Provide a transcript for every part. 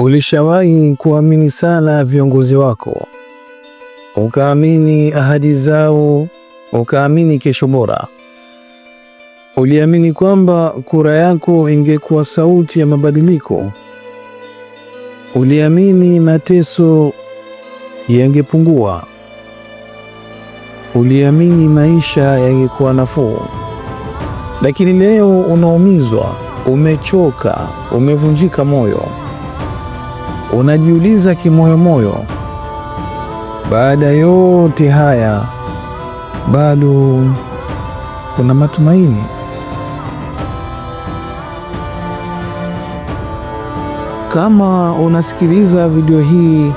Ulishawahi kuamini sana viongozi wako, ukaamini ahadi zao, ukaamini kesho bora. Uliamini kwamba kura yako ingekuwa sauti ya mabadiliko. Uliamini mateso yangepungua. Uliamini maisha yangekuwa nafuu. Lakini leo unaumizwa, umechoka, umevunjika moyo. Unajiuliza kimoyomoyo, baada yote haya bado kuna matumaini? Kama unasikiliza video hii,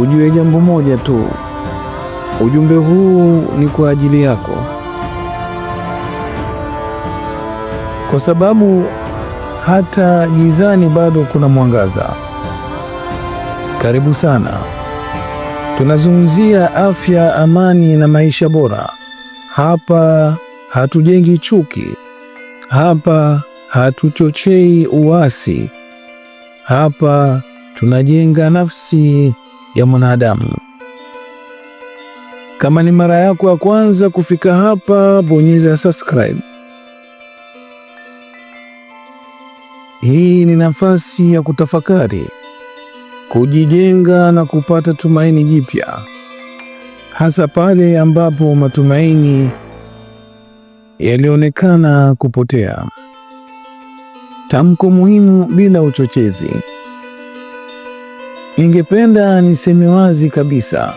ujue jambo moja tu, ujumbe huu ni kwa ajili yako, kwa sababu hata gizani bado kuna mwangaza. Karibu sana. Tunazungumzia afya, amani na maisha bora. Hapa hatujengi chuki, hapa hatuchochei uasi, hapa tunajenga nafsi ya mwanadamu. Kama ni mara yako ya kwanza kufika hapa, bonyeza subscribe. Hii ni nafasi ya kutafakari kujijenga na kupata tumaini jipya, hasa pale ambapo matumaini yalionekana kupotea. Tamko muhimu bila uchochezi. Ningependa niseme wazi kabisa,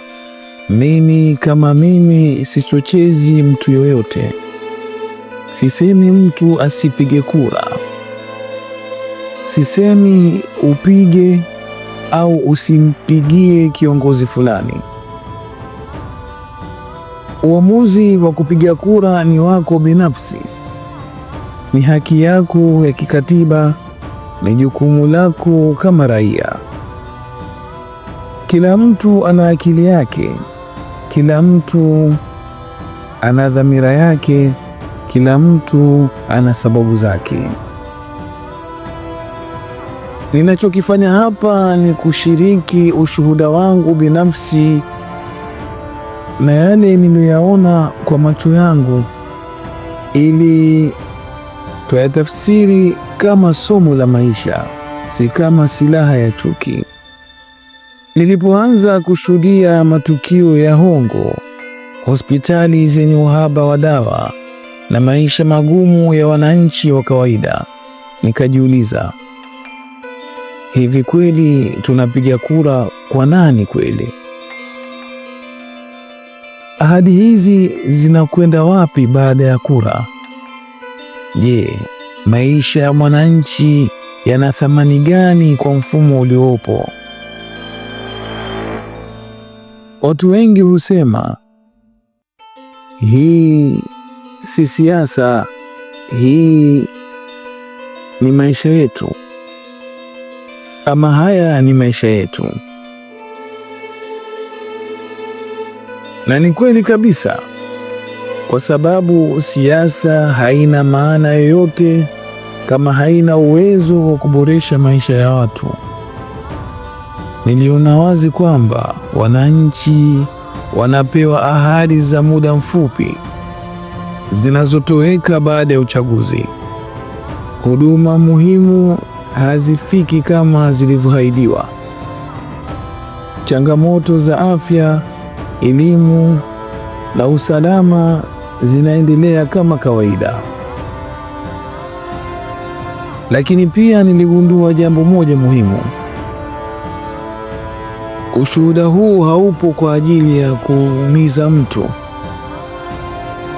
mimi kama mimi sichochezi mtu yoyote. Sisemi mtu asipige kura, sisemi upige au usimpigie kiongozi fulani. Uamuzi wa kupiga kura ni wako binafsi, ni haki yako ya kikatiba, ni jukumu lako kama raia. Kila mtu ana akili yake, kila mtu ana dhamira yake, kila mtu ana sababu zake. Ninachokifanya hapa ni kushiriki ushuhuda wangu binafsi na yale niliyoyaona kwa macho yangu ili tuyatafsiri kama somo la maisha, si kama silaha ya chuki. Nilipoanza kushuhudia matukio ya hongo, hospitali zenye uhaba wa dawa na maisha magumu ya wananchi wa kawaida, nikajiuliza hivi kweli tunapiga kura kwa nani kweli? Ahadi hizi zinakwenda wapi baada ya kura? Je, maisha ya mwananchi yana thamani gani kwa mfumo uliopo? Watu wengi husema hii si siasa, hii ni maisha yetu. Kama haya ni maisha yetu, na ni kweli kabisa, kwa sababu siasa haina maana yoyote kama haina uwezo wa kuboresha maisha ya watu. Niliona wazi kwamba wananchi wanapewa ahadi za muda mfupi zinazotoweka baada ya uchaguzi. Huduma muhimu hazifiki kama zilivyoahidiwa. Changamoto za afya, elimu na usalama zinaendelea kama kawaida. Lakini pia niligundua jambo moja muhimu. Ushuhuda huu haupo kwa ajili ya kuumiza mtu.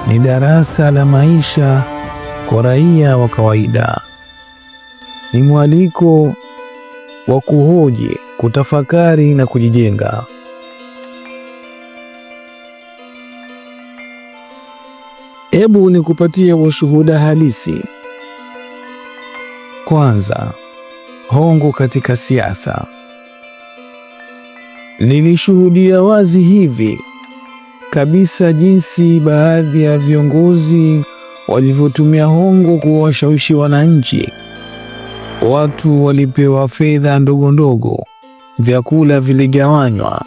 Ni darasa la maisha kwa raia wa kawaida ni mwaliko wa kuhoji, kutafakari na kujijenga. Hebu nikupatie ushuhuda halisi. Kwanza, hongo katika siasa. Nilishuhudia wazi hivi kabisa jinsi baadhi ya viongozi walivyotumia hongo kuwashawishi wananchi watu walipewa fedha ndogo ndogo, vyakula viligawanywa.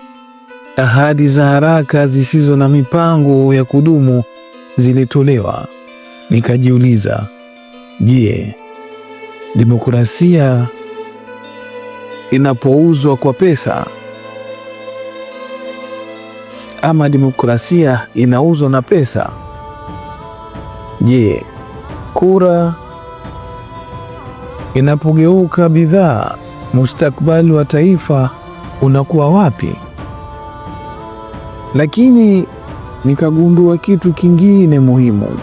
Ahadi za haraka zisizo na mipango ya kudumu zilitolewa. Nikajiuliza, je, demokrasia inapouzwa kwa pesa ama demokrasia inauzwa na pesa? Je, kura inapogeuka bidhaa, mustakabali wa taifa unakuwa wapi? Lakini nikagundua kitu kingine muhimu.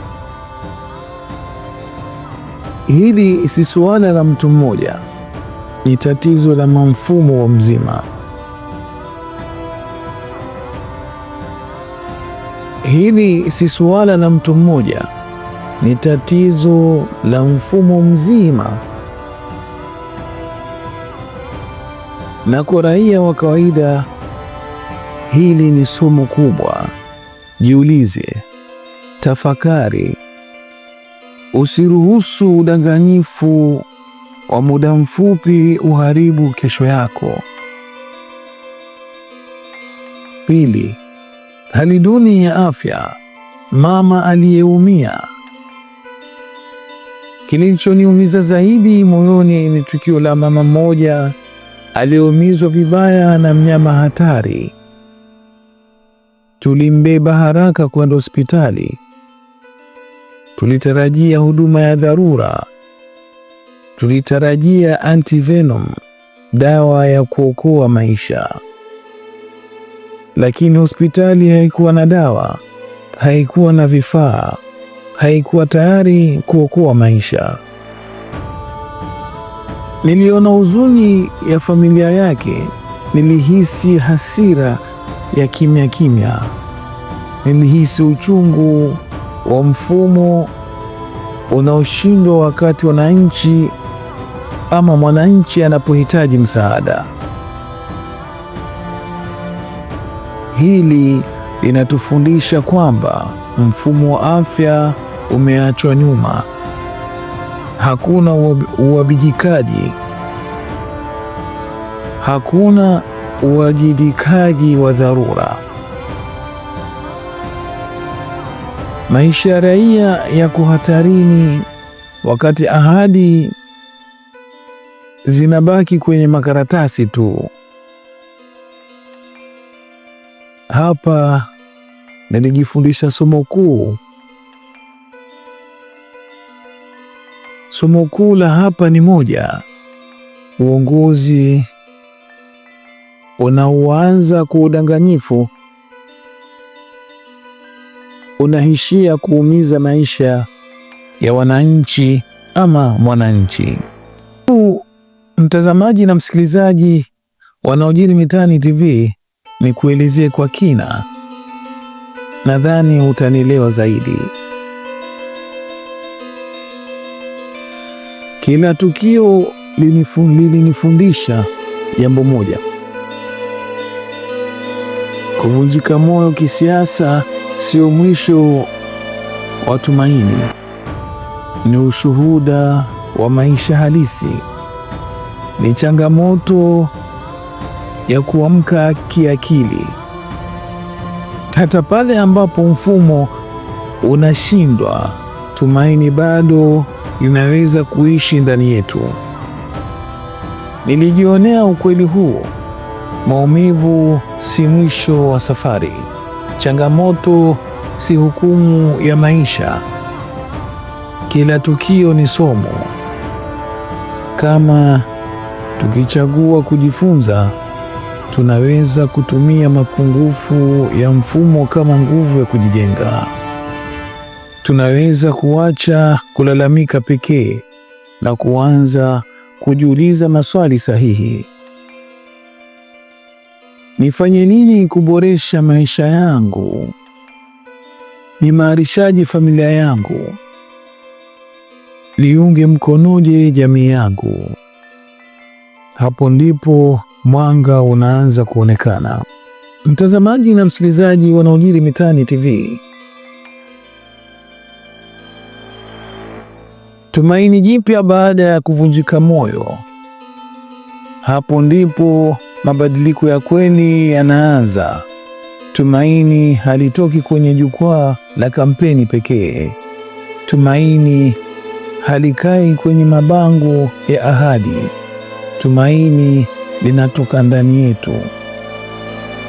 Hili si suala la mtu mmoja, ni tatizo la mfumo wa mzima. Hili si suala la mtu mmoja, ni tatizo la mfumo mzima. na kwa raia wa kawaida hili ni somo kubwa. Jiulize, tafakari, usiruhusu udanganyifu wa muda mfupi uharibu kesho yako. Pili, hali duni ya afya. Mama aliyeumia. Kilichoniumiza zaidi moyoni ni tukio la mama mmoja aliumizwa vibaya na mnyama hatari. Tulimbeba haraka kwenda hospitali. Tulitarajia huduma ya dharura, tulitarajia antivenom, dawa ya kuokoa maisha, lakini hospitali haikuwa na dawa, haikuwa na vifaa, haikuwa tayari kuokoa maisha. Niliona huzuni ya familia yake, nilihisi hasira ya kimya kimya, nilihisi uchungu wa mfumo unaoshindwa wakati wananchi ama mwananchi anapohitaji msaada. Hili linatufundisha kwamba mfumo wa afya umeachwa nyuma hakuna uwajibikaji, hakuna uwajibikaji wa dharura. Maisha ya raia yako hatarini wakati ahadi zinabaki kwenye makaratasi tu. Hapa nilijifundisha somo kuu. Somo kuu la hapa ni moja: uongozi unaoanza kwa udanganyifu unaishia kuumiza maisha ya wananchi ama mwananchi. Mtazamaji na msikilizaji wanaojiri Mitaani TV, nikuelezee kwa kina, nadhani utanielewa zaidi. Kila tukio lilinifundisha jambo moja: kuvunjika moyo kisiasa sio mwisho wa tumaini, ni ushuhuda wa maisha halisi, ni changamoto ya kuamka kiakili, hata pale ambapo mfumo unashindwa, tumaini bado linaweza kuishi ndani yetu. Nilijionea ukweli huo. Maumivu si mwisho wa safari, changamoto si hukumu ya maisha. Kila tukio ni somo. Kama tukichagua kujifunza, tunaweza kutumia mapungufu ya mfumo kama nguvu ya kujijenga tunaweza kuacha kulalamika pekee na kuanza kujiuliza maswali sahihi. Nifanye nini kuboresha maisha yangu? Niimarishaje familia yangu? Liunge mkonoje jamii yangu? Hapo ndipo mwanga unaanza kuonekana. Mtazamaji na msikilizaji wanaojiri mitaani TV, tumaini jipya baada ya kuvunjika moyo. Hapo ndipo mabadiliko ya kweli yanaanza. Tumaini halitoki kwenye jukwaa la kampeni pekee. Tumaini halikai kwenye mabango ya ahadi. Tumaini linatoka ndani yetu,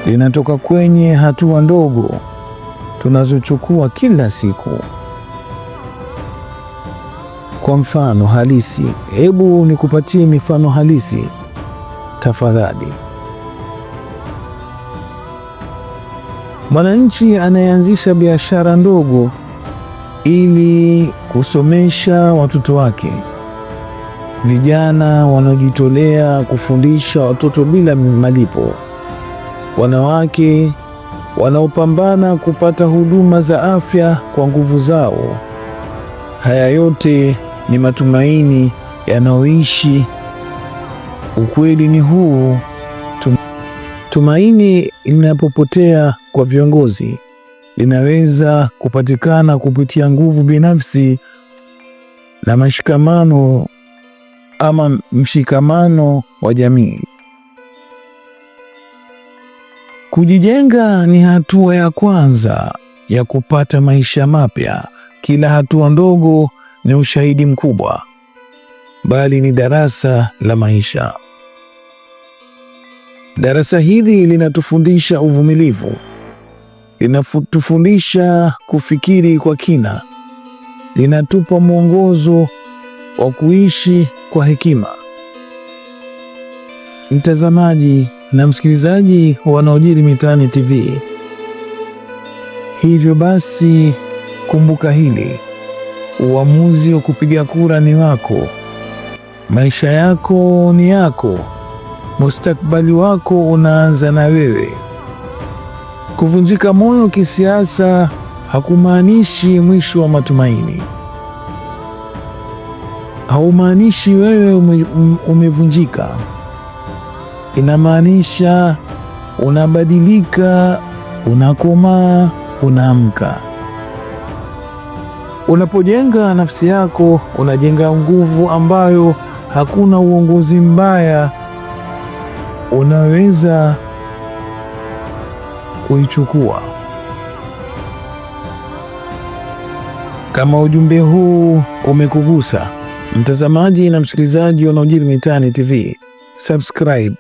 linatoka kwenye hatua ndogo tunazochukua kila siku kwa mfano halisi. Hebu nikupatie mifano halisi tafadhali. Mwananchi anayeanzisha biashara ndogo ili kusomesha watoto wake, vijana wanaojitolea kufundisha watoto bila malipo, wanawake wanaopambana kupata huduma za afya kwa nguvu zao. Haya yote ni matumaini yanayoishi. Ukweli ni huu, tumaini linapopotea kwa viongozi linaweza kupatikana kupitia nguvu binafsi na mashikamano ama mshikamano wa jamii. Kujijenga ni hatua ya kwanza ya kupata maisha mapya. Kila hatua ndogo ni ushahidi mkubwa, bali ni darasa la maisha. Darasa hili linatufundisha uvumilivu, linatufundisha kufikiri kwa kina, linatupa mwongozo wa kuishi kwa hekima. Mtazamaji na msikilizaji wa mitaani TV, hivyo basi kumbuka hili. Uamuzi wa kupiga kura ni wako. Maisha yako ni yako. mustakbali wako unaanza na wewe. Kuvunjika moyo kisiasa hakumaanishi mwisho wa matumaini. Haumaanishi wewe ume, umevunjika. Inamaanisha unabadilika, unakomaa, unaamka. Unapojenga nafsi yako, unajenga nguvu ambayo hakuna uongozi mbaya unaweza kuichukua. Kama ujumbe huu umekugusa mtazamaji na msikilizaji wa yanayojiri mitaani TV, subscribe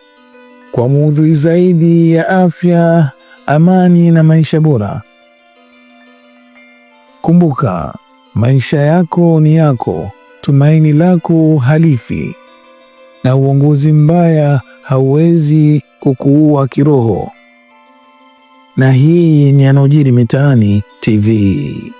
kwa maudhui zaidi ya afya, amani na maisha bora. Kumbuka Maisha yako ni yako, tumaini lako halifi, na uongozi mbaya hauwezi kukuua kiroho. Na hii ni yanayojiri mitaani TV.